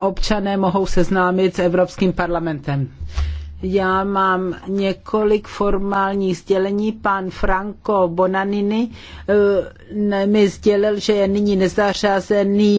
občané mohou seznámit s Evropským parlamentem. Já mám několik formálních sdělení. Pan Franco Bonanini eh, mi sdělil, že je nyní nezařazený